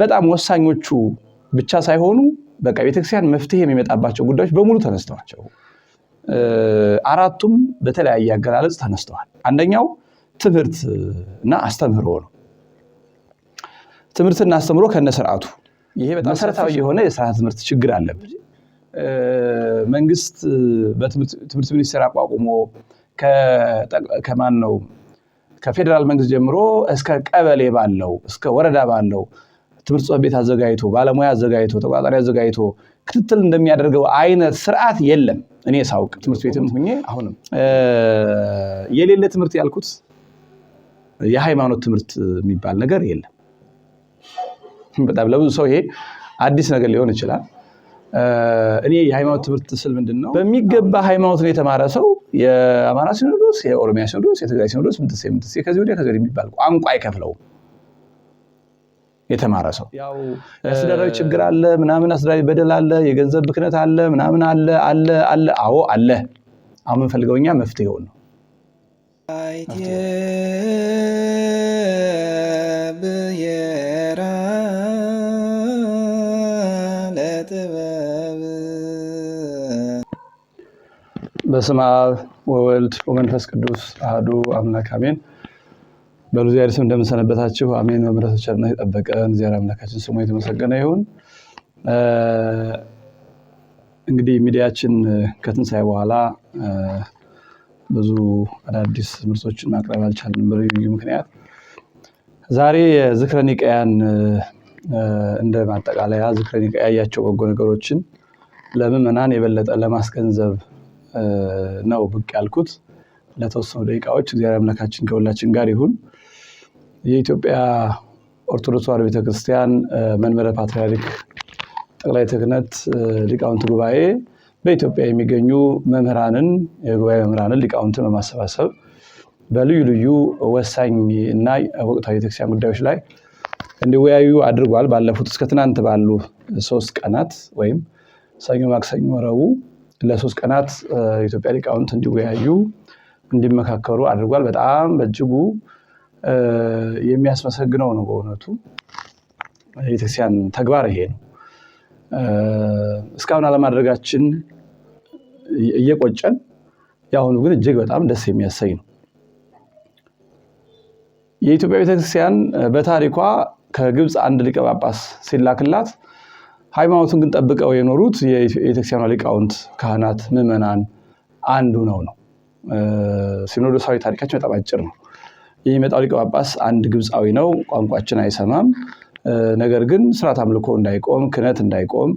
በጣም ወሳኞቹ ብቻ ሳይሆኑ በቃ ቤተክርስቲያን መፍትሄ የሚመጣባቸው ጉዳዮች በሙሉ ተነስተዋቸው አራቱም በተለያየ አገላለጽ ተነስተዋል። አንደኛው ትምህርት እና አስተምህሮ ነው። ትምህርትና አስተምህሮ ከነስርዓቱ ይሄ በጣም መሰረታዊ የሆነ የስርዓተ ትምህርት ችግር አለብን። መንግስት በትምህርት ሚኒስቴር አቋቁሞ ከማን ነው ከፌዴራል መንግስት ጀምሮ እስከ ቀበሌ ባለው እስከ ወረዳ ባለው ትምህርት ጽሕፈት ቤት አዘጋጅቶ ባለሙያ አዘጋጅቶ ተቋጣሪ አዘጋጅቶ ክትትል እንደሚያደርገው አይነት ስርዓት የለም። እኔ ሳውቅ ትምህርት ቤትም ሁኜ አሁንም የሌለ ትምህርት ያልኩት የሃይማኖት ትምህርት የሚባል ነገር የለም። በጣም ለብዙ ሰው ይሄ አዲስ ነገር ሊሆን ይችላል። እኔ የሃይማኖት ትምህርት ስል ምንድን ነው? በሚገባ ሃይማኖትን የተማረ ሰው የአማራ ሲኖዶስ፣ የኦሮሚያ ሲኖዶስ፣ የትግራይ ሲኖዶስ ምንትሴ ምንትሴ ከዚህ ወዲያ ከዚህ ወዲያ የሚባል ቋንቋ አይከፍለውም። የተማረ ሰው አስተዳዳሪ ችግር አለ ምናምን፣ አስተዳዳሪ በደል አለ፣ የገንዘብ ብክነት አለ ምናምን አለ አለ አለ። አዎ አለ። አሁን የምንፈልገው እኛ መፍትሄውን ነው። በስመ አብ ወወልድ ወመንፈስ ቅዱስ አሐዱ አምላክ አሜን። በሉዚያሪ ስም እንደምንሰነበታችሁ አሜን። መምረቱ ቸርና የጠበቀን ዚያር አምላካችን ስሙ የተመሰገነ ይሁን። እንግዲህ ሚዲያችን ከትንሣኤ በኋላ ብዙ አዳዲስ ምርቶችን ማቅረብ አልቻልንም በልዩ ምክንያት። ዛሬ የዝክረ ኒቃያን እንደ ማጠቃለያ ዝክረ ኒቃያ ያያቸው በጎ ነገሮችን ለምዕመናን የበለጠ ለማስገንዘብ ነው ብቅ ያልኩት። ለተወሰኑ ደቂቃዎች እግዚአብሔር አምላካችን ከሁላችን ጋር ይሁን። የኢትዮጵያ ኦርቶዶክስ ተዋሕዶ ቤተክርስቲያን መንበረ ፓትርያርክ ጠቅላይ ክህነት ሊቃውንት ጉባኤ በኢትዮጵያ የሚገኙ መምህራንን የጉባኤ መምህራንን ሊቃውንትን በማሰባሰብ በልዩ ልዩ ወሳኝ እና ወቅታዊ ቤተክርስቲያን ጉዳዮች ላይ እንዲወያዩ አድርጓል። ባለፉት እስከ ትናንት ባሉ ሶስት ቀናት ወይም ሰኞ፣ ማክሰኞ፣ ረቡዕ ለሶስት ቀናት ኢትዮጵያ ሊቃውንት እንዲወያዩ እንዲመካከሩ አድርጓል። በጣም በእጅጉ የሚያስመሰግነው ነው። በእውነቱ የቤተክርስቲያን ተግባር ይሄ ነው። እስካሁን አለማድረጋችን እየቆጨን፣ የአሁኑ ግን እጅግ በጣም ደስ የሚያሰኝ ነው። የኢትዮጵያ ቤተክርስቲያን በታሪኳ ከግብፅ አንድ ሊቀ ጳጳስ ሲላክላት ሃይማኖቱን ግን ጠብቀው የኖሩት የቤተክርስቲያኗ ሊቃውንት፣ ካህናት፣ ምዕመናን አንዱ ነው ነው ሲኖዶሳዊ ታሪካችን በጣም አጭር ነው። የሚመጣው ሊቀ ጳጳስ አንድ ግብፃዊ ነው። ቋንቋችን አይሰማም። ነገር ግን ስርዓት አምልኮ እንዳይቆም፣ ክህነት እንዳይቆም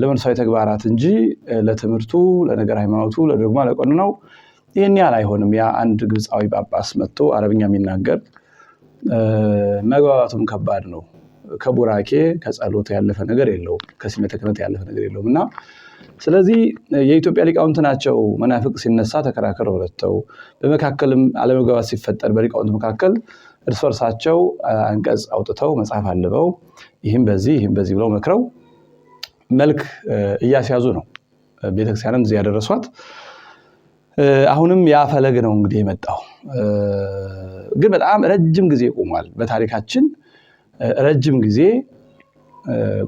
ለመንፈሳዊ ተግባራት እንጂ ለትምህርቱ፣ ለነገር ሃይማኖቱ፣ ለቆን ነው። ይህን ያህል አይሆንም። ያ አንድ ግብፃዊ ጳጳስ መጥቶ አረብኛ የሚናገር መግባባቱም ከባድ ነው። ከቡራኬ ከጸሎት ያለፈ ነገር የለውም። ከስሜተ ክህነት ያለፈ ነገር የለውም እና ስለዚህ የኢትዮጵያ ሊቃውንት ናቸው መናፍቅ ሲነሳ ተከራክረው ረድተው፣ በመካከልም አለመግባባት ሲፈጠር በሊቃውንት መካከል እርስ በርሳቸው አንቀጽ አውጥተው መጽሐፍ አልበው ይህም በዚህ ይህም በዚህ ብለው መክረው መልክ እያስያዙ ነው ቤተክርስቲያንም እዚህ ያደረሷት። አሁንም ያ ፈለግ ነው እንግዲህ የመጣው ግን በጣም ረጅም ጊዜ ቆሟል። በታሪካችን ረጅም ጊዜ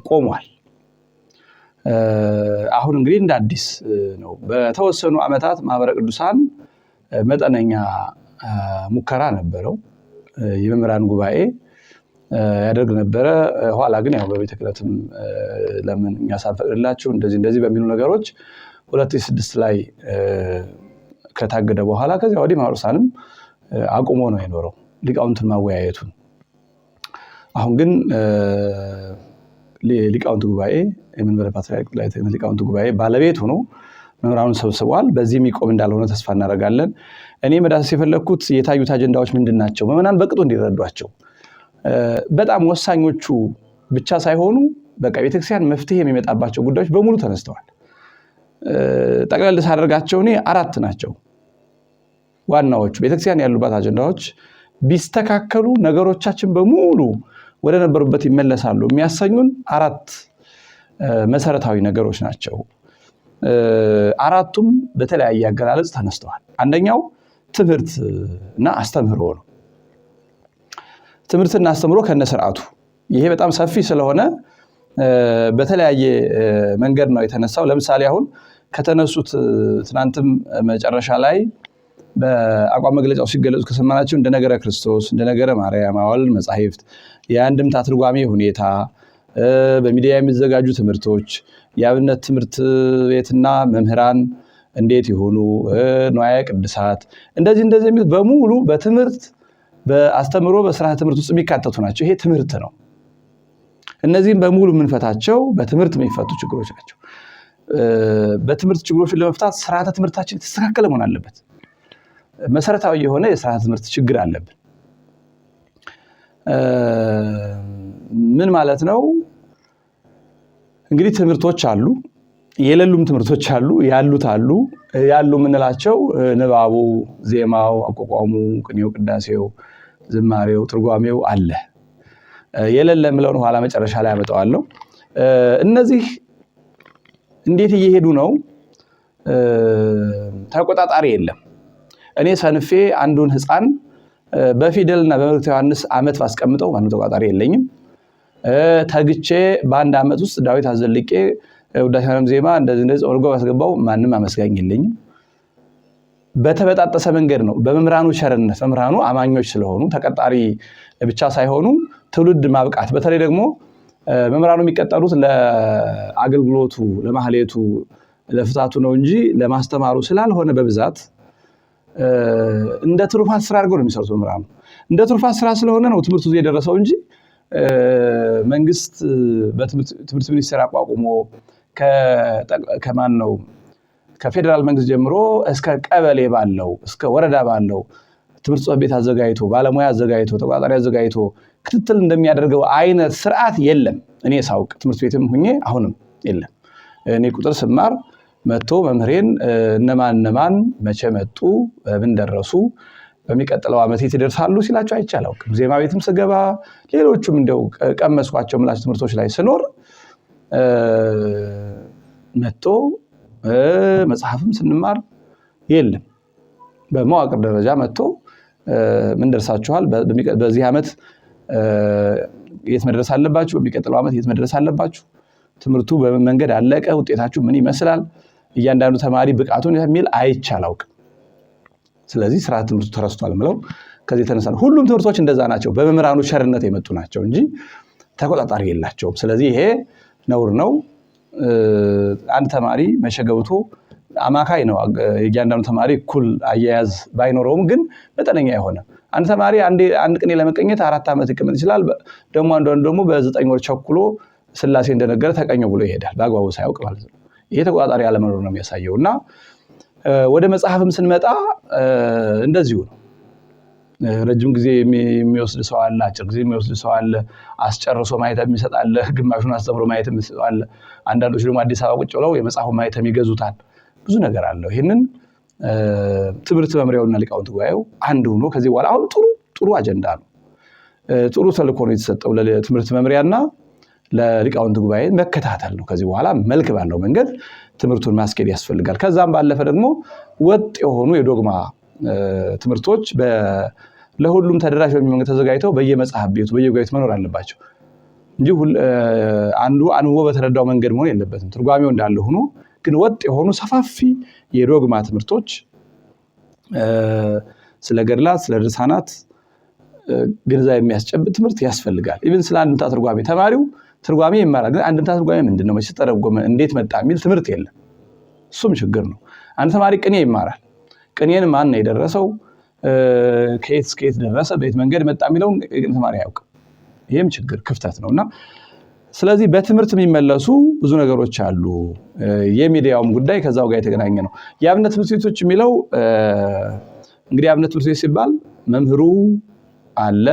ቆሟል። አሁን እንግዲህ እንደ አዲስ ነው። በተወሰኑ ዓመታት ማህበረ ቅዱሳን መጠነኛ ሙከራ ነበረው። የመምህራን ጉባኤ ያደርግ ነበረ። ኋላ ግን ያው በቤተ ክህነትም ለምን እኛ ሳንፈቅድላችሁ እንደዚህ እንደዚህ በሚሉ ነገሮች ሁለት ሺህ ስድስት ላይ ከታገደ በኋላ ከዚያ ወዲህ ማህበረ ቅዱሳንም አቁሞ ነው የኖረው ሊቃውንትን ማወያየቱን አሁን ግን ሊቃውንት ጉባኤ የመንበረ ፓትርያርክ ሊቃውንት ጉባኤ ባለቤት ሆኖ መምህራኑን ሰብስበዋል። በዚህ የሚቆም እንዳልሆነ ተስፋ እናደርጋለን። እኔ መዳሰስ የፈለግኩት የታዩት አጀንዳዎች ምንድን ናቸው፣ ምዕመናን በቅጡ እንዲረዷቸው በጣም ወሳኞቹ ብቻ ሳይሆኑ በቃ ቤተክርስቲያን መፍትሄ የሚመጣባቸው ጉዳዮች በሙሉ ተነስተዋል። ጠቅለል ሳደርጋቸው እኔ አራት ናቸው ዋናዎቹ ቤተክርስቲያን ያሉባት አጀንዳዎች ቢስተካከሉ ነገሮቻችን በሙሉ ወደ ነበሩበት ይመለሳሉ የሚያሰኙን አራት መሰረታዊ ነገሮች ናቸው። አራቱም በተለያየ አገላለጽ ተነስተዋል። አንደኛው ትምህርት እና አስተምህሮ ነው። ትምህርትና አስተምህሮ ከነ ስርዓቱ ይሄ በጣም ሰፊ ስለሆነ በተለያየ መንገድ ነው የተነሳው። ለምሳሌ አሁን ከተነሱት ትናንትም መጨረሻ ላይ በአቋም መግለጫው ሲገለጹ ከሰማናቸው እንደ ነገረ ክርስቶስ፣ እንደ ነገረ ማርያም አዋልድ መጻሕፍት፣ የአንድምታ ትርጓሜ ሁኔታ፣ በሚዲያ የሚዘጋጁ ትምህርቶች፣ የአብነት ትምህርት ቤትና መምህራን እንዴት ይሆኑ፣ ንዋየ ቅድሳት፣ እንደዚህ እንደዚህ የሚሉት በሙሉ በትምህርት በአስተምሮ በስርዓተ ትምህርት ውስጥ የሚካተቱ ናቸው። ይሄ ትምህርት ነው። እነዚህም በሙሉ የምንፈታቸው በትምህርት የሚፈቱ ችግሮች ናቸው። በትምህርት ችግሮችን ለመፍታት ስርዓተ ትምህርታችን የተስተካከለ መሆን አለበት። መሰረታዊ የሆነ የስርዓተ ትምህርት ችግር አለብን። ምን ማለት ነው? እንግዲህ ትምህርቶች አሉ፣ የሌሉም ትምህርቶች አሉ፣ ያሉት አሉ። ያሉ የምንላቸው ንባቡ፣ ዜማው፣ አቋቋሙ፣ ቅኔው፣ ቅዳሴው፣ ዝማሬው፣ ትርጓሜው አለ። የሌለ የምለውን ኋላ መጨረሻ ላይ አመጣዋለሁ። እነዚህ እንዴት እየሄዱ ነው? ተቆጣጣሪ የለም። እኔ ሰንፌ አንዱን ህፃን በፊደልና በመልእክተ ዮሐንስ አመት ባስቀምጠው ማንም ተቋጣሪ የለኝም። ተግቼ በአንድ አመት ውስጥ ዳዊት አዘልቄ ውዳሴ ዜማ እንደዚህ እንደዚህ ኦልጎ ባስገባው ማንም አመስጋኝ የለኝም። በተበጣጠሰ መንገድ ነው። በመምህራኑ ቸርነት መምህራኑ አማኞች ስለሆኑ ተቀጣሪ ብቻ ሳይሆኑ ትውልድ ማብቃት በተለይ ደግሞ መምህራኑ የሚቀጠሉት ለአገልግሎቱ፣ ለማህሌቱ፣ ለፍታቱ ነው እንጂ ለማስተማሩ ስላልሆነ በብዛት እንደ ትሩፋት ስራ አድርገው ነው የሚሰሩት መምህራኑ። እንደ ትሩፋት ስራ ስለሆነ ነው ትምህርቱ የደረሰው እንጂ መንግስት በትምህርት ሚኒስቴር አቋቁሞ ከማን ነው ከፌዴራል መንግስት ጀምሮ እስከ ቀበሌ ባለው እስከ ወረዳ ባለው ትምህርት ጽሕፈት ቤት አዘጋጅቶ ባለሙያ አዘጋጅቶ ተቆጣጣሪ አዘጋጅቶ ክትትል እንደሚያደርገው አይነት ስርዓት የለም። እኔ ሳውቅ ትምህርት ቤትም ሁኜ አሁንም የለም። እኔ ቁጥር ስማር መጥቶ መምህሬን እነማን እነማን መቼ መጡ፣ በምን ደረሱ፣ በሚቀጥለው ዓመት የት ይደርሳሉ ሲላቸው አይቼ አላውቅም። ዜማ ቤትም ስገባ ሌሎቹም እንደው ቀመስኳቸው ምላቸው ትምህርቶች ላይ ስኖር መጥቶ መጽሐፍም ስንማር የለም። በመዋቅር ደረጃ መጥቶ ምን ደርሳችኋል፣ በዚህ ዓመት የት መድረስ አለባችሁ፣ በሚቀጥለው ዓመት የት መድረስ አለባችሁ፣ ትምህርቱ በምን መንገድ አለቀ፣ ውጤታችሁ ምን ይመስላል እያንዳንዱ ተማሪ ብቃቱን የሚል አይቻል አውቅም። ስለዚህ ስርዓት ትምህርቱ ተረስቷል ምለው ከዚህ የተነሳ ሁሉም ትምህርቶች እንደዛ ናቸው። በመምህራኑ ቸርነት የመጡ ናቸው እንጂ ተቆጣጣሪ የላቸውም። ስለዚህ ይሄ ነውር ነው። አንድ ተማሪ መቼ ገብቶ አማካይ ነው። እያንዳንዱ ተማሪ እኩል አያያዝ ባይኖረውም ግን መጠነኛ የሆነ አንድ ተማሪ አንድ ቅኔ ለመቀኘት አራት ዓመት ይቀመጥ ይችላል። ደግሞ አንዱ ደግሞ በዘጠኝ ወር ቸኩሎ ስላሴ እንደነገረ ተቀኘው ብሎ ይሄዳል፣ በአግባቡ ሳያውቅ ማለት ነው። ይሄ ተቆጣጣሪ አለመኖር ነው የሚያሳየው። እና ወደ መጽሐፍም ስንመጣ እንደዚሁ ነው። ረጅም ጊዜ የሚወስድ ሰው አለ፣ አጭር ጊዜ የሚወስድ ሰው አለ። አስጨርሶ ማየት የሚሰጥ አለ፣ ግማሹን አስተምሮ ማየት የሚሰጥ አለ። አንዳንዶች ደግሞ አዲስ አበባ ቁጭ ብለው የመጽሐፉ ማየት ይገዙታል። ብዙ ነገር አለው። ይህንን ትምህርት መምሪያውና ሊቃውንት ጉባኤው አንድ ሆኖ ከዚህ በኋላ አሁን ጥሩ ጥሩ አጀንዳ ነው፣ ጥሩ ተልእኮ ነው የተሰጠው ለትምህርት መምሪያና ለሊቃውንት ጉባኤ መከታተል ነው። ከዚህ በኋላ መልክ ባለው መንገድ ትምህርቱን ማስኬድ ያስፈልጋል። ከዛም ባለፈ ደግሞ ወጥ የሆኑ የዶግማ ትምህርቶች ለሁሉም ተደራሽ በሚሆን መንገድ ተዘጋጅተው በየመጽሐፍ ቤቱ በየጉባኤቱ መኖር አለባቸው እንጂ አንዱ አንቦ በተረዳው መንገድ መሆን የለበትም። ትርጓሜው እንዳለ ሆኖ ግን ወጥ የሆኑ ሰፋፊ የዶግማ ትምህርቶች ስለ ገድላት፣ ስለ ድርሳናት ግንዛቤ የሚያስጨብጥ ትምህርት ያስፈልጋል። ኢብን ስለ አንድምታ ትርጓሜ ተማሪው ትርጓሜ ይማራል። ግን አንድምታ ትርጓሜ ምንድን ነው፣ መቼ ተረጎመ? እንዴት መጣ የሚል ትምህርት የለም። እሱም ችግር ነው። አንድ ተማሪ ቅኔ ይማራል። ቅኔን ማን ነው የደረሰው፣ ከየት እስከየት ደረሰ፣ በየት መንገድ መጣ የሚለውን ተማሪ አያውቅም። ይህም ችግር ክፍተት ነው እና ስለዚህ በትምህርት የሚመለሱ ብዙ ነገሮች አሉ። የሚዲያውም ጉዳይ ከዛው ጋር የተገናኘ ነው። የአብነት ትምህርት ቤቶች የሚለው እንግዲህ የአብነት ትምህርት ቤት ሲባል መምህሩ አለ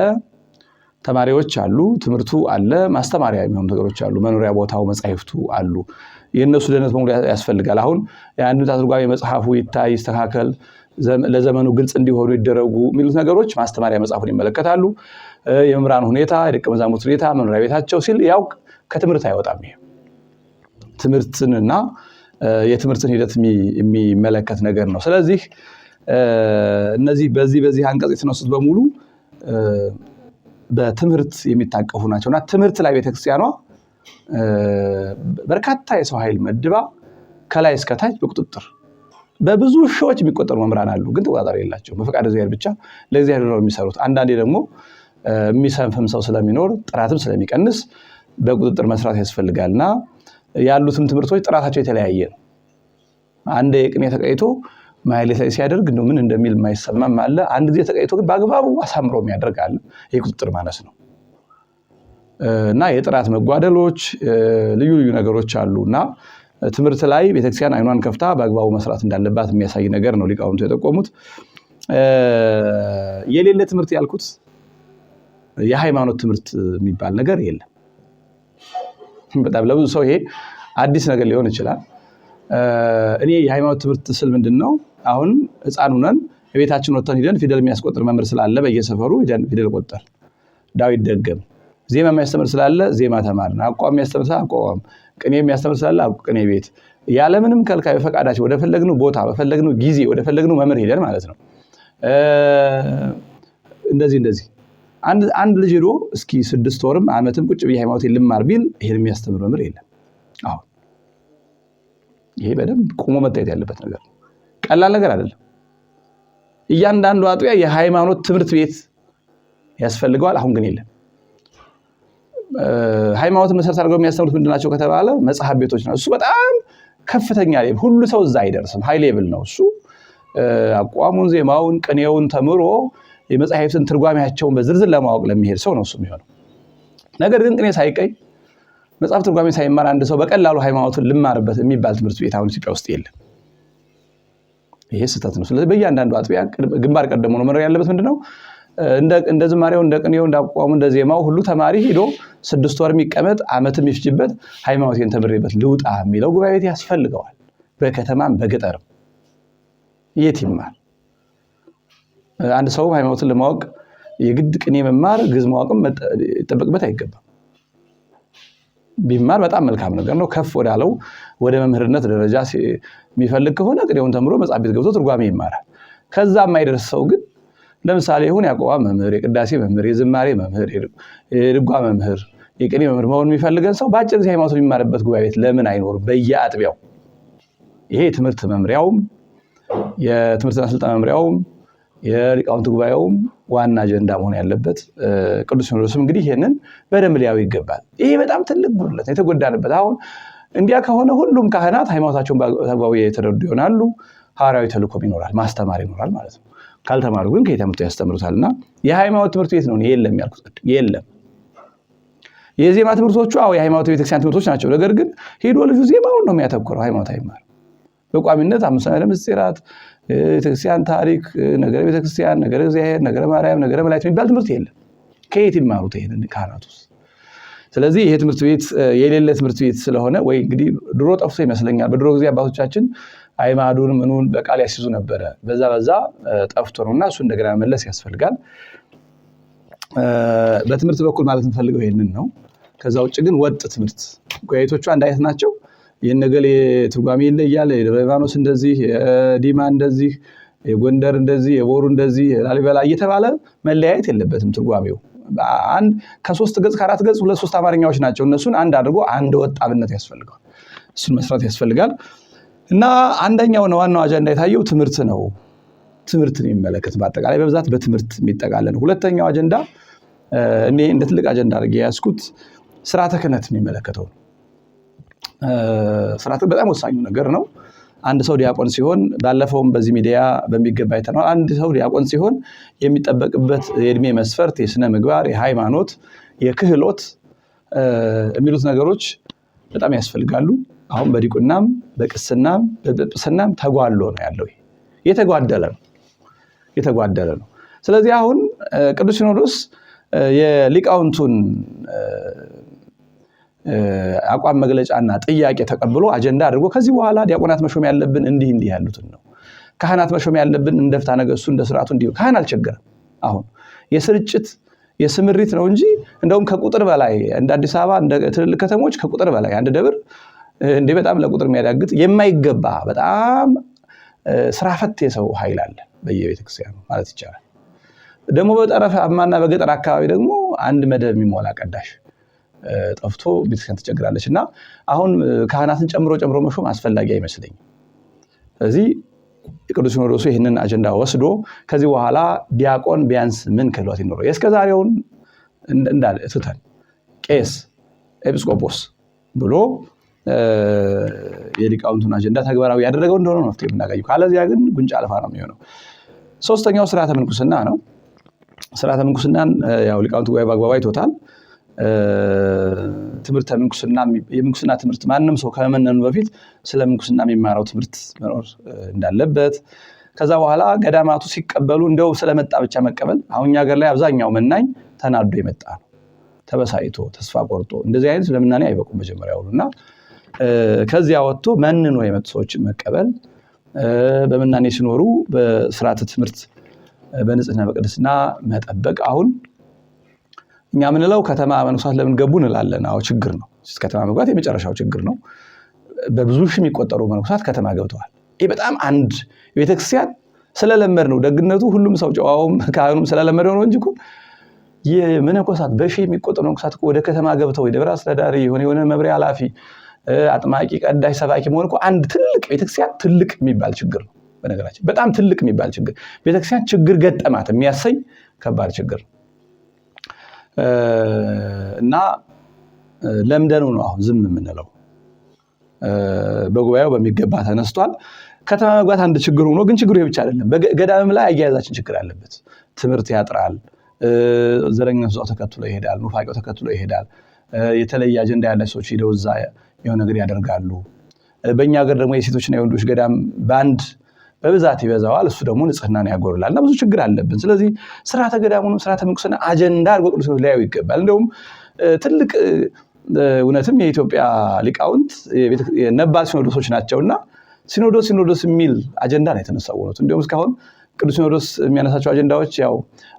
ተማሪዎች አሉ፣ ትምህርቱ አለ፣ ማስተማሪያ የሚሆኑ ነገሮች አሉ፣ መኖሪያ ቦታው መጻሕፍቱ አሉ። የእነሱ ደህንነት በሙሉ ያስፈልጋል። አሁን የአንዱ ተርጓሚ መጽሐፉ ይታይ፣ ይስተካከል፣ ለዘመኑ ግልጽ እንዲሆኑ ይደረጉ የሚሉት ነገሮች ማስተማሪያ መጽሐፉን ይመለከታሉ። የመምህራን ሁኔታ፣ የደቀ መዛሙርት ሁኔታ፣ መኖሪያ ቤታቸው ሲል ያው ከትምህርት አይወጣም። ይሄ ትምህርትንና የትምህርትን ሂደት የሚመለከት ነገር ነው። ስለዚህ እነዚህ በዚህ በዚህ አንቀጽ የተነሱት በሙሉ በትምህርት የሚታቀፉ ናቸውና ትምህርት ላይ ቤተክርስቲያኗ በርካታ የሰው ኃይል መድባ ከላይ እስከታች በቁጥጥር በብዙ ሺዎች የሚቆጠሩ መምህራን አሉ፣ ግን ተቆጣጣሪ የላቸው በፈቃድ እግዚአብሔር ብቻ ለእግዚአብሔር ነው የሚሰሩት። አንዳንዴ ደግሞ የሚሰንፍም ሰው ስለሚኖር ጥራትም ስለሚቀንስ በቁጥጥር መስራት ያስፈልጋል እና ያሉትም ትምህርቶች ጥራታቸው የተለያየ ነው። አንድ የቅኔ ተቀይቶ ማህሌት ላይ ሲያደርግ እንደ ምን እንደሚል የማይሰማም አለ። አንድ ጊዜ ተቀይቶ ግን በአግባቡ አሳምሮ የሚያደርግ አለ። ይህ ቁጥጥር ማነስ ነው እና የጥራት መጓደሎች፣ ልዩ ልዩ ነገሮች አሉ እና ትምህርት ላይ ቤተክርስቲያን አይኗን ከፍታ በአግባቡ መስራት እንዳለባት የሚያሳይ ነገር ነው ሊቃውንቱ የጠቆሙት። የሌለ ትምህርት ያልኩት የሃይማኖት ትምህርት የሚባል ነገር የለም። በጣም ለብዙ ሰው ይሄ አዲስ ነገር ሊሆን ይችላል። እኔ የሃይማኖት ትምህርት ስል ምንድን ነው አሁን ህፃን ሁነን ቤታችን ወጥተን ሂደን ፊደል የሚያስቆጥር መምህር ስላለ በየሰፈሩ ሂደን ፊደል ቆጠር፣ ዳዊት ደገም። ዜማ የሚያስተምር ስላለ ዜማ ተማርን። አቋም የሚያስተምር ስላለ አቋም፣ ቅኔ የሚያስተምር ስላለ ቅኔ ቤት፣ ያለምንም ከልካይ በፈቃዳችን ወደፈለግነው ቦታ በፈለግነው ጊዜ ወደፈለግነው መምህር ሄደን ማለት ነው። እንደዚህ እንደዚህ አንድ ልጅ ሄዶ እስኪ ስድስት ወርም ዓመትም ቁጭ ብዬ ሃይማኖት ልማር ቢል ይሄን የሚያስተምር መምህር የለም። አሁን ይሄ በደንብ ቁሞ መታየት ያለበት ነገር ነው። ቀላል ነገር አይደለም። እያንዳንዱ አጥቢያ የሃይማኖት ትምህርት ቤት ያስፈልገዋል። አሁን ግን የለም። ሃይማኖትን መሰረት አድርገው የሚያስተምሩት ምንድናቸው ከተባለ መጽሐፍ ቤቶች ነው እሱ በጣም ከፍተኛ ሁሉ ሰው እዛ አይደርስም። ሀይ ሌብል ነው እሱ። አቋሙን፣ ዜማውን፣ ቅኔውን ተምሮ የመጽሐፍትን ትርጓሜያቸውን በዝርዝር ለማወቅ ለሚሄድ ሰው ነው እሱ የሚሆነው። ነገር ግን ቅኔ ሳይቀኝ መጽሐፍ ትርጓሜ ሳይማር አንድ ሰው በቀላሉ ሃይማኖትን ልማርበት የሚባል ትምህርት ቤት አሁን ኢትዮጵያ ውስጥ የለም። ይሄ ስህተት ነው። ስለዚህ በእያንዳንዱ አጥቢያ ግንባር ቀደም ሆኖ መኖር ያለበት ምንድነው? እንደ ዝማሬው እንደ ቅኔው እንደ አቋሙ እንደ ዜማው ሁሉ ተማሪ ሂዶ ስድስት ወር የሚቀመጥ ዓመት የሚፍጅበት ሃይማኖቴን ተምሬበት ልውጣ የሚለው ጉባኤ ቤት ያስፈልገዋል። በከተማም በገጠርም የት ይማል? አንድ ሰው ሃይማኖትን ለማወቅ የግድ ቅኔ መማር ግዕዝ ማወቅም ይጠበቅበት አይገባም። ቢማር በጣም መልካም ነገር ነው። ከፍ ወዳለው ወደ መምህርነት ደረጃ የሚፈልግ ከሆነ ቅኔውን ተምሮ መጽሐፍ ቤት ገብቶ ትርጓሜ ይማራል። ከዛ የማይደርስ ሰው ግን ለምሳሌ ይሁን ያቆባ መምህር፣ የቅዳሴ መምህር፣ የዝማሬ መምህር፣ የድጓ መምህር፣ የቅኔ መምህር መሆን የሚፈልገን ሰው በአጭር ጊዜ ሃይማኖት የሚማርበት ጉባኤ ቤት ለምን አይኖርም? በየአጥቢያው ይሄ የትምህርት መምሪያውም የትምህርትና ስልጠና መምሪያውም የሊቃውንት ጉባኤውም ዋና አጀንዳ መሆን ያለበት ቅዱስ ሲኖዶስም እንግዲህ ይህንን በደንብ ሊያው ይገባል። ይሄ በጣም ትልቅ ጉድለት የተጎዳንበት። አሁን እንዲያ ከሆነ ሁሉም ካህናት ሃይማኖታቸውን በአግባቡ የተረዱ ይሆናሉ። ሐዋርያዊ ተልእኮም ይኖራል፣ ማስተማር ይኖራል ማለት ነው። ካልተማሩ ግን ከየት አምጥተው ያስተምሩታል? እና የሃይማኖት ትምህርት ቤት ነው የለም ያልኩት የለም። የዜማ ትምህርቶቹ አዎ የሃይማኖት ቤተክርስቲያን ትምህርቶች ናቸው። ነገር ግን ሄዶ ልጁ ዜማውን ነው የሚያተኩረው፣ ሃይማኖት አይማር በቋሚነት አምስት ምስጢራት የቤተክርስቲያን ታሪክ፣ ነገረ ቤተክርስቲያን፣ ነገረ እግዚአብሔር፣ ነገረ ማርያም፣ ነገረ መላእክት የሚባል ትምህርት የለም። ከየት የሚማሩት ይሄንን ካህናት ውስጥ? ስለዚህ ይሄ ትምህርት ቤት የሌለ ትምህርት ቤት ስለሆነ ወይ እንግዲህ ድሮ ጠፍቶ ይመስለኛል። በድሮ ጊዜ አባቶቻችን አይማዱን ምኑን በቃል ያስይዙ ነበረ። በዛ በዛ ጠፍቶ ነው እና እሱ እንደገና መመለስ ያስፈልጋል። በትምህርት በኩል ማለት የምፈልገው ይሄንን ነው። ከዛ ውጭ ግን ወጥ ትምህርት ጉባኤቶቹ አንድ አይነት ናቸው። ይህን ነገሌ ትርጓሜ ይለያል፣ የደብረ ሊባኖስ እንደዚህ፣ የዲማ እንደዚህ፣ የጎንደር እንደዚህ፣ የቦሩ እንደዚህ፣ ላሊበላ እየተባለ መለያየት የለበትም ትርጓሜው አንድ ከሶስት ገጽ ከአራት ገጽ ሁለት ሶስት አማርኛዎች ናቸው። እነሱን አንድ አድርጎ አንድ ወጣብነት ያስፈልገዋል። እሱን መስራት ያስፈልጋል እና አንደኛው ነው ዋናው አጀንዳ የታየው ትምህርት ነው። ትምህርትን የሚመለከት በአጠቃላይ በብዛት በትምህርት የሚጠቃለን። ሁለተኛው አጀንዳ እኔ እንደ ትልቅ አጀንዳ አድርጌ የያዝኩት ስርዓተ ክህነት የሚመለከተው ነው። ስርዓት በጣም ወሳኙ ነገር ነው። አንድ ሰው ዲያቆን ሲሆን ባለፈውም በዚህ ሚዲያ በሚገባ አይተነዋል። አንድ ሰው ዲያቆን ሲሆን የሚጠበቅበት የእድሜ መስፈርት፣ የስነ ምግባር፣ የሃይማኖት፣ የክህሎት የሚሉት ነገሮች በጣም ያስፈልጋሉ። አሁን በዲቁናም በቅስናም በጵጵስናም ተጓሎ ነው ያለው። የተጓደለ ነው የተጓደለ ነው። ስለዚህ አሁን ቅዱስ ሲኖዶስ የሊቃውንቱን አቋም መግለጫና ጥያቄ ተቀብሎ አጀንዳ አድርጎ ከዚህ በኋላ ዲያቆናት መሾም ያለብን እንዲህ እንዲህ ያሉትን ነው። ካህናት መሾም ያለብን እንደ ፍትሐ ነገሥቱ እንደ ስርዓቱ እንዲሁ ካህን አልቸገረም። አሁን የስርጭት የስምሪት ነው እንጂ እንደውም ከቁጥር በላይ እንደ አዲስ አበባ እንደ ትልልቅ ከተሞች ከቁጥር በላይ አንድ ደብር እንዲህ በጣም ለቁጥር የሚያዳግጥ የማይገባ በጣም ስራ ፈት የሰው ኃይል አለ በየቤተክርስቲያኑ ማለት ይቻላል። ደግሞ በጠረፋማና በገጠር አካባቢ ደግሞ አንድ መደብ የሚሞላ ቀዳሽ ጠፍቶ ቤተክርስቲያን ትቸግራለች እና አሁን ካህናትን ጨምሮ ጨምሮ መሾም አስፈላጊ አይመስለኝም። ስለዚህ ቅዱስ ሲኖዶሱ ይህንን አጀንዳ ወስዶ ከዚህ በኋላ ዲያቆን ቢያንስ ምን ክህሎት ይኖረው የእስከ ዛሬውን እንዳለ ትተን ቄስ፣ ኤጲስቆጶስ ብሎ የሊቃውንቱን አጀንዳ ተግባራዊ ያደረገው እንደሆነ መፍትሄ የምናገኘው፣ ካለዚያ ግን ጉንጫ አልፋ ነው የሚሆነው። ሶስተኛው ስርዓተ ምንኩስና ነው። ስርዓተ ምንኩስናን ያው ሊቃውንት ጉባኤ በአግባቡ አይቶታል። ትምህርተ ምንኩስና የምንኩስና ትምህርት ማንም ሰው ከመመነኑ በፊት ስለ ምንኩስና የሚማረው ትምህርት መኖር እንዳለበት ከዛ በኋላ ገዳማቱ ሲቀበሉ እንደው ስለመጣ ብቻ መቀበል። አሁን ሀገር ላይ አብዛኛው መናኝ ተናዶ የመጣ ነው፣ ተበሳይቶ ተስፋ ቆርጦ። እንደዚህ አይነት ለምናኔ አይበቁም መጀመሪያ እና ከዚያ ወጥቶ መንኖ የመጡ ሰዎችን መቀበል፣ በምናኔ ሲኖሩ በስርዓተ ትምህርት በንጽህና በቅድስና መጠበቅ አሁን እኛ ምንለው ከተማ መነኮሳት ለምን ገቡ እንላለን። አዎ ችግር ነው። ከተማ መግባት የመጨረሻው ችግር ነው። በብዙ ሺህ የሚቆጠሩ መነኮሳት ከተማ ገብተዋል። ይህ በጣም አንድ ቤተክርስቲያን ስለለመድ ነው ደግነቱ። ሁሉም ሰው ጨዋውም ካህኑም ስለለመድ ነው እንጂ የመነኮሳት በሺህ የሚቆጠሩ መነኮሳት ወደ ከተማ ገብተው የደብረ አስተዳዳሪ የሆነ የሆነ መምሪያ ኃላፊ፣ አጥማቂ፣ ቀዳሽ፣ ሰባኪ መሆን እኮ አንድ ትልቅ ቤተክርስቲያን ትልቅ የሚባል ችግር ነው። በነገራችን በጣም ትልቅ የሚባል ችግር ቤተክርስቲያን ችግር ገጠማት የሚያሰኝ ከባድ ችግር ነው። እና ለምደኑ ነው አሁን ዝም የምንለው። በጉባኤው በሚገባ ተነስቷል። ከተማ መግባት አንድ ችግር ሆኖ ግን ችግሩ ብቻ አይደለም። ገዳምም ላይ አያያዛችን ችግር አለበት። ትምህርት ያጥራል። ዘረኝነት እዛው ተከትሎ ይሄዳል። ኑፋቄው ተከትሎ ይሄዳል። የተለየ አጀንዳ ያለ ሰዎች ሄደው እዛ የሆነ ነገር ያደርጋሉ። በእኛ ሀገር ደግሞ የሴቶችና የወንዶች ገዳም በአንድ በብዛት ይበዛዋል። እሱ ደግሞ ንጽህናን ያጎርላል እና ብዙ ችግር አለብን። ስለዚህ ስርዓተ ገዳሙንም ስርዓተ ምንኩስና አጀንዳ አድርጎ ቅዱሳን ሊያዩ ይገባል። እንደውም ትልቅ እውነትም የኢትዮጵያ ሊቃውንት ነባ ሲኖዶሶች ናቸውና ሲኖዶስ ሲኖዶስ የሚል አጀንዳ ነው የተነሳው። እውነቱ እንዲሁም እስካሁን ቅዱስ ሲኖዶስ የሚያነሳቸው አጀንዳዎች ያው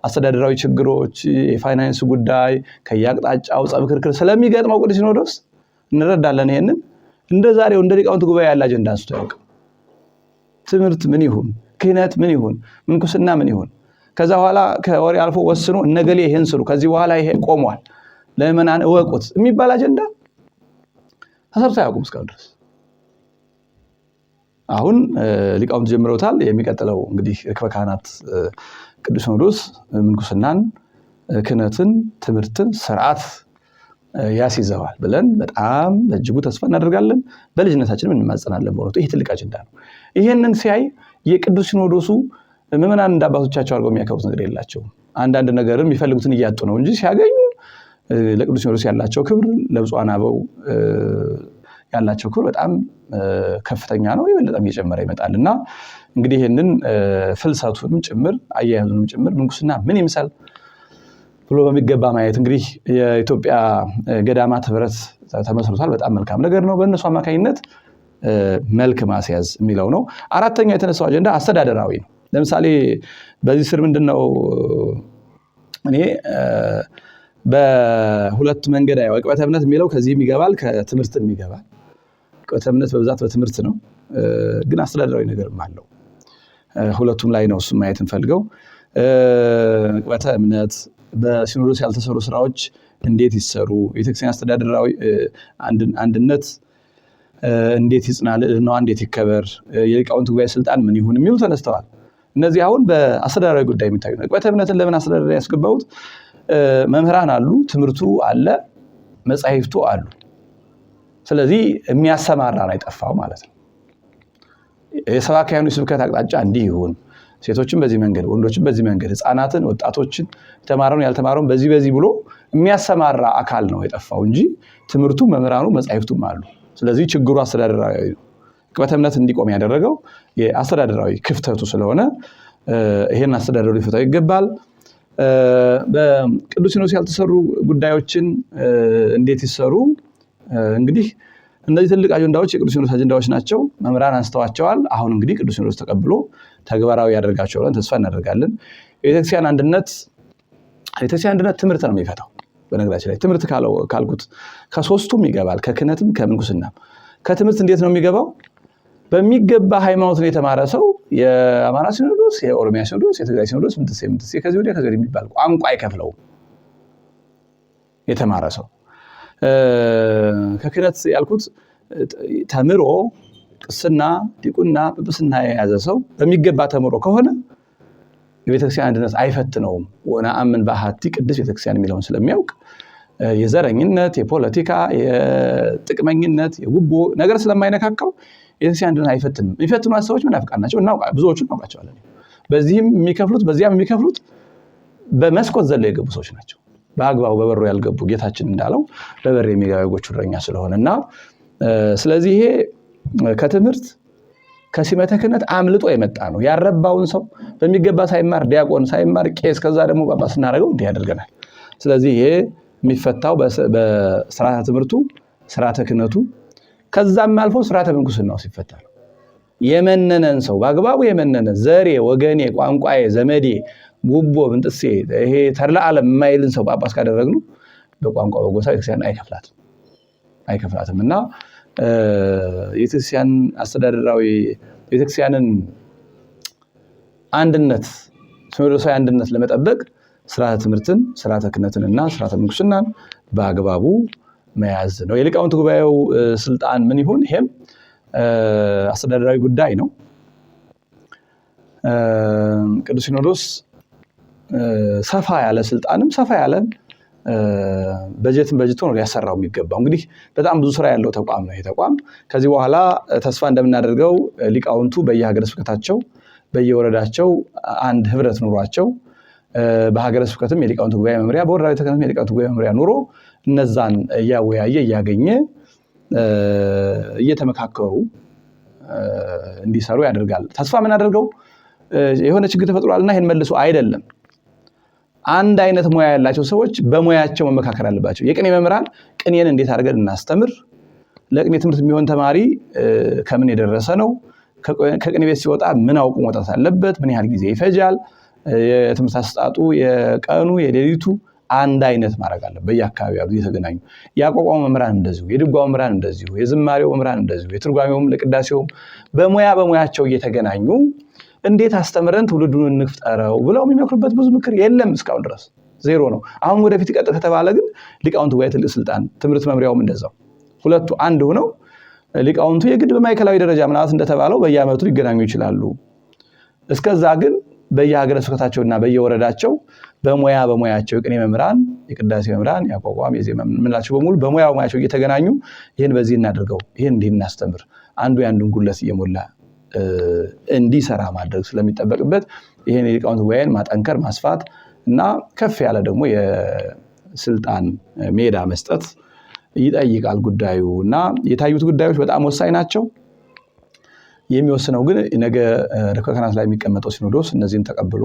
አስተዳደራዊ ችግሮች፣ የፋይናንስ ጉዳይ፣ ከየአቅጣጫው ጸብ፣ ክርክር ስለሚገጥመው ቅዱስ ሲኖዶስ እንረዳለን። ይሄንን እንደ ዛሬው እንደ ሊቃውንት ጉባኤ ያለ አጀንዳ አንስቶ ያውቅ ትምህርት ምን ይሁን፣ ክህነት ምን ይሁን፣ ምንኩስና ምን ይሁን። ከዛ በኋላ ከወሬ አልፎ ወስኑ እነገሌ ይሄን ስሩ፣ ከዚህ በኋላ ይሄ ቆሟል፣ ለምእመናን እወቁት የሚባል አጀንዳ ተሰርቶ አያውቁም እስካሁን ድረስ። አሁን ሊቃውንት ጀምረውታል። የሚቀጥለው እንግዲህ ክበ ካህናት ቅዱስ ሲኖዶስ ምንኩስናን፣ ክህነትን፣ ትምህርትን፣ ስርዓት ያስይዘዋል ብለን በጣም በእጅጉ ተስፋ እናደርጋለን። በልጅነታችንም እንማጸናለን። በሆነ ይህ ትልቅ አጀንዳ ነው። ይህንን ሲያይ የቅዱስ ሲኖዶሱ ምዕመናን እንደ አባቶቻቸው አድርገው የሚያከብሩት ነገር የላቸውም። አንዳንድ ነገር የሚፈልጉትን እያጡ ነው እንጂ ሲያገኙ ለቅዱስ ሲኖዶስ ያላቸው ክብር፣ ለብፁዓን አበው ያላቸው ክብር በጣም ከፍተኛ ነው። የበለጠም እየጨመረ ይመጣል እና እንግዲህ ይህንን ፍልሰቱንም ጭምር አያያዙንም ጭምር ምንኩስና ምን ይምሳል ብሎ በሚገባ ማየት እንግዲህ የኢትዮጵያ ገዳማት ህብረት ተመስርቷል። በጣም መልካም ነገር ነው። በእነሱ አማካኝነት መልክ ማስያዝ የሚለው ነው። አራተኛው የተነሳው አጀንዳ አስተዳደራዊ ነው። ለምሳሌ በዚህ ስር ምንድን ነው እኔ በሁለት መንገድ ያው ዕቅበተ እምነት የሚለው ከዚህም ይገባል፣ ከትምህርትም ይገባል። ዕቅበተ እምነት በብዛት በትምህርት ነው፣ ግን አስተዳደራዊ ነገርም አለው። ሁለቱም ላይ ነው እሱም ማየት እንፈልገው። ዕቅበተ እምነት በሲኖዶስ ያልተሰሩ ስራዎች እንዴት ይሰሩ፣ የቤተክርስቲያን አስተዳደራዊ አንድነት እንዴት ይጽና ልዕልናዋ እንዴት ይከበር፣ የሊቃውንት ጉባኤ ስልጣን ምን ይሁን የሚሉ ተነስተዋል። እነዚህ አሁን በአስተዳደራዊ ጉዳይ የሚታዩ ንቅበተ እምነትን ለምን አስተዳደር ያስገባሁት? መምህራን አሉ፣ ትምህርቱ አለ፣ መጻሕፍቱ አሉ። ስለዚህ የሚያሰማራን አይጠፋው ማለት ነው። የሰባካያኑ ስብከት አቅጣጫ እንዲህ ይሁን፣ ሴቶችን በዚህ መንገድ፣ ወንዶችን በዚህ መንገድ፣ ህፃናትን ወጣቶችን፣ የተማረውን ያልተማረውን በዚህ በዚህ ብሎ የሚያሰማራ አካል ነው የጠፋው እንጂ ትምህርቱ መምህራኑ መጻሕፍቱም አሉ። ስለዚህ ችግሩ አስተዳደራዊ ቅበተ እምነት እንዲቆም ያደረገው የአስተዳደራዊ ክፍተቱ ስለሆነ ይሄን አስተዳደሩ ሊፈታው ይገባል። በቅዱስ ሲኖዶስ ያልተሰሩ ጉዳዮችን እንዴት ይሰሩ? እንግዲህ እነዚህ ትልቅ አጀንዳዎች የቅዱስ ሲኖዶስ አጀንዳዎች ናቸው። መምህራን አንስተዋቸዋል። አሁን እንግዲህ ቅዱስ ሲኖዶስ ተቀብሎ ተግባራዊ ያደርጋቸው ብለን ተስፋ እናደርጋለን። የቤተክርስቲያን አንድነት የቤተክርስቲያን አንድነት ትምህርት ነው የሚፈታው በነገራችን ላይ ትምህርት ካልኩት ከሶስቱም ይገባል፣ ከክህነትም ከምንኩስናም። ከትምህርት እንዴት ነው የሚገባው? በሚገባ ሃይማኖትን የተማረ ሰው የአማራ ሲኖዶስ፣ የኦሮሚያ ሲኖዶስ፣ የትግራይ ሲኖዶስ ምንትሴ ምንትሴ ከዚህ ወዲያ ከዚህ የሚባል ቋንቋ አይከፍለውም። የተማረ ሰው ከክህነት ያልኩት ተምሮ ቅስና፣ ዲቁና፣ ጵጵስና የያዘ ሰው በሚገባ ተምሮ ከሆነ የቤተክርስቲያን አንድነት አይፈትነውም። ወነአምን በአሐቲ ቅድስት ቤተክርስቲያን የሚለውን ስለሚያውቅ የዘረኝነት፣ የፖለቲካ፣ የጥቅመኝነት፣ የጉቦ ነገር ስለማይነካካው ቤተክርስቲያን አይፈትንም። የሚፈትኗት ሰዎች ምናፍቃን ናቸው፣ ብዙዎቹ እናውቃቸዋለን። በዚህም የሚከፍሉት በዚያም የሚከፍሉት በመስኮት ዘለው የገቡ ሰዎች ናቸው። በአግባቡ በበሩ ያልገቡ ጌታችን እንዳለው በበር የሚገባ የጎቹ እረኛ ስለሆነ እና ስለዚህ ይሄ ከትምህርት ከሲመተ ክህነት አምልጦ የመጣ ነው። ያረባውን ሰው በሚገባ ሳይማር ዲያቆን ሳይማር ቄስ፣ ከዛ ደግሞ ጳጳስ ስናደርገው እንዲህ ያደርገናል። ስለዚህ ይሄ የሚፈታው በስርዓተ ትምህርቱ፣ ስርዓተ ክህነቱ ከዛም አልፎ ስርዓተ ምንኩስናው ሲፈታ ነው። የመነነን ሰው በአግባቡ የመነነ ዘሬ፣ ወገኔ፣ ቋንቋዬ፣ ዘመዴ፣ ጉቦ፣ ምንጥሴ ይሄ ተድላ ዓለም የማይልን ሰው ጳጳስ ካደረግ ነው በቋንቋ በጎሳ ቤተክርስቲያን አይከፍላትም አይከፍላትም እና የቤተክርስቲያን አስተዳደራዊ ቤተክርስቲያንን አንድነት ሲኖዶሳዊ አንድነት ለመጠበቅ ስርዓተ ትምህርትን፣ ስርዓተ ክህነትን እና ስርዓተ ምንኩስናን በአግባቡ መያዝ ነው። የሊቃውንት ጉባኤው ስልጣን ምን ይሁን? ይሄም አስተዳደራዊ ጉዳይ ነው። ቅዱስ ሲኖዶስ ሰፋ ያለ ስልጣንም ሰፋ ያለ በጀትን በጀቱ ነው ሊያሰራው የሚገባው። እንግዲህ በጣም ብዙ ስራ ያለው ተቋም ነው ይሄ ተቋም። ከዚህ በኋላ ተስፋ እንደምናደርገው ሊቃውንቱ በየሀገረ ስብከታቸው በየወረዳቸው አንድ ህብረት ኑሯቸው በሀገረ ስብከትም የሊቃውንት ጉባኤ መምሪያ፣ በወረዳ ቤተ የሊቃውንት ጉባኤ መምሪያ ኑሮ እነዛን እያወያየ እያገኘ እየተመካከሩ እንዲሰሩ ያደርጋል። ተስፋ ምን አደርገው? የሆነ ችግር ተፈጥሯልና ይህን መልሶ አይደለም። አንድ አይነት ሙያ ያላቸው ሰዎች በሙያቸው መመካከር አለባቸው። የቅኔ መምህራን ቅኔን እንዴት አድርገን እናስተምር፣ ለቅኔ ትምህርት የሚሆን ተማሪ ከምን የደረሰ ነው፣ ከቅኔ ቤት ሲወጣ ምን አውቁ መውጣት አለበት፣ ምን ያህል ጊዜ ይፈጃል የትምህርት አሰጣጡ የቀኑ የሌሊቱ አንድ አይነት ማድረግ አለ። በየአካባቢ ያሉ የተገናኙ የአቋቋሙ መምህራን እንደዚሁ፣ የድጓው መምህራን እንደዚሁ፣ የዝማሬው መምህራን እንደዚሁ፣ የትርጓሜውም ለቅዳሴውም በሙያ በሙያቸው እየተገናኙ እንዴት አስተምረን ትውልዱን እንፍጠረው ብለው የሚመክሩበት ብዙ ምክር የለም እስካሁን ድረስ ዜሮ ነው። አሁን ወደፊት ይቀጥል ከተባለ ግን ሊቃውንቱ ወይ ትልቅ ስልጣን፣ ትምህርት መምሪያውም እንደዛው ሁለቱ አንድ ሆነው ሊቃውንቱ የግድ በማዕከላዊ ደረጃ ምናት እንደተባለው በየዓመቱ ሊገናኙ ይችላሉ። እስከዛ ግን በየሀገረ እና በየወረዳቸው በሙያ በሙያቸው የቅኔ መምህራን፣ የቅዳሴ መምህራን፣ የአቋቋም የዜማ የምንላቸው በሙሉ በሙያ በሙያቸው እየተገናኙ ይህን በዚህ እናድርገው፣ ይህን እንዲህ እናስተምር፣ አንዱ የአንዱን ጉድለት እየሞላ እንዲሰራ ማድረግ ስለሚጠበቅበት ይህን የሊቃውንት ጉባኤን ማጠንከር ማስፋት እና ከፍ ያለ ደግሞ የስልጣን ሜዳ መስጠት ይጠይቃል ጉዳዩ እና የታዩት ጉዳዮች በጣም ወሳኝ ናቸው። የሚወስነው ግን ነገ ርክበ ካህናት ላይ የሚቀመጠው ሲኖዶስ እነዚህን ተቀብሎ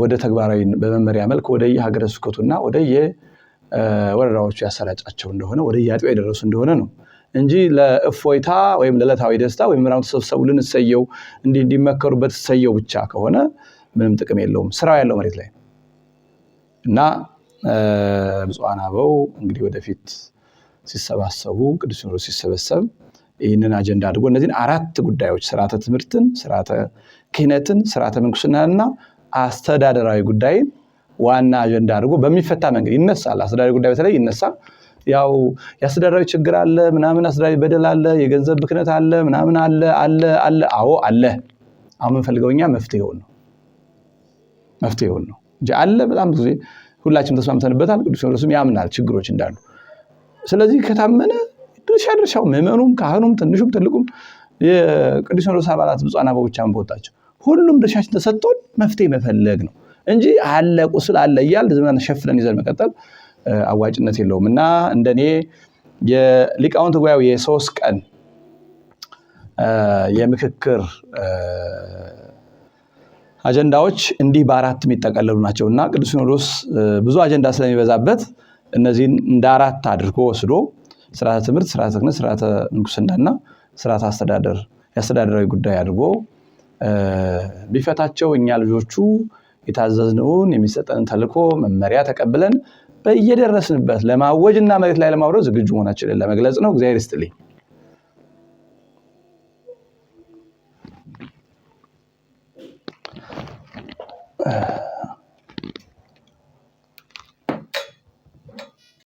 ወደ ተግባራዊ በመመሪያ መልክ ወደ የሀገረ ስብከቱና ወደ የወረዳዎቹ ያሰራጫቸው እንደሆነ ወደ የአጥቢያ የደረሱ እንደሆነ ነው እንጂ ለእፎይታ ወይም ለዕለታዊ ደስታ ወይም ምዕመናኑ ተሰብሰቡ ልንሰየው እንዲህ እንዲመከሩበት ሰየው ብቻ ከሆነ ምንም ጥቅም የለውም። ስራው ያለው መሬት ላይ እና ብፁዓን አበው እንግዲህ ወደፊት ሲሰባሰቡ ቅዱስ ሲኖዶስ ሲሰበሰብ ይህንን አጀንዳ አድርጎ እነዚህን አራት ጉዳዮች ስርዓተ ትምህርትን፣ ስርዓተ ክህነትን፣ ስርዓተ ምንኩስናንና አስተዳደራዊ ጉዳይን ዋና አጀንዳ አድርጎ በሚፈታ መንገድ ይነሳል። አስተዳደራዊ ጉዳይ በተለይ ይነሳ ያው የአስተዳደራዊ ችግር አለ ምናምን፣ አስተዳደራዊ በደል አለ፣ የገንዘብ ብክነት አለ ምናምን አለ አለ አለ። አዎ አለ። አሁን የምንፈልገው እኛ መፍትሄውን ነው መፍትሄውን ነው እ አለ። በጣም ጊዜ ሁላችንም ተስማምተንበታል። ቅዱስ ሲኖዶስም ያምናል ችግሮች እንዳሉ። ስለዚህ ከታመነ ድርሻ ድርሻው ምዕመኑም፣ ካህኑም፣ ትንሹም ትልቁም የቅዱስ ሲኖዶስ አባላት ብፁዓን አበቦች በወጣቸው ሁሉም ድርሻችን ተሰጥቶን መፍትሄ መፈለግ ነው እንጂ አለ ቁስል አለ እያል ዝም ሸፍነን ይዘን መቀጠል አዋጭነት የለውም እና እንደኔ የሊቃውንት ጉባኤው የሶስት ቀን የምክክር አጀንዳዎች እንዲህ በአራት የሚጠቀለሉ ናቸው እና ቅዱስ ሲኖዶስ ብዙ አጀንዳ ስለሚበዛበት እነዚህን እንደ አራት አድርጎ ወስዶ ስርዓተ ትምህርት፣ ስርዓተ ክህነት፣ ስርዓተ ንጉስናና ስርዓተ አስተዳደር የአስተዳደራዊ ጉዳይ አድርጎ ቢፈታቸው እኛ ልጆቹ የታዘዝንውን የሚሰጠንን ተልኮ መመሪያ ተቀብለን በየደረስንበት ለማወጅና መሬት ላይ ለማውረድ ዝግጁ መሆናችንን ለመግለጽ ነው። እግዚአብሔር ይስጥልኝ።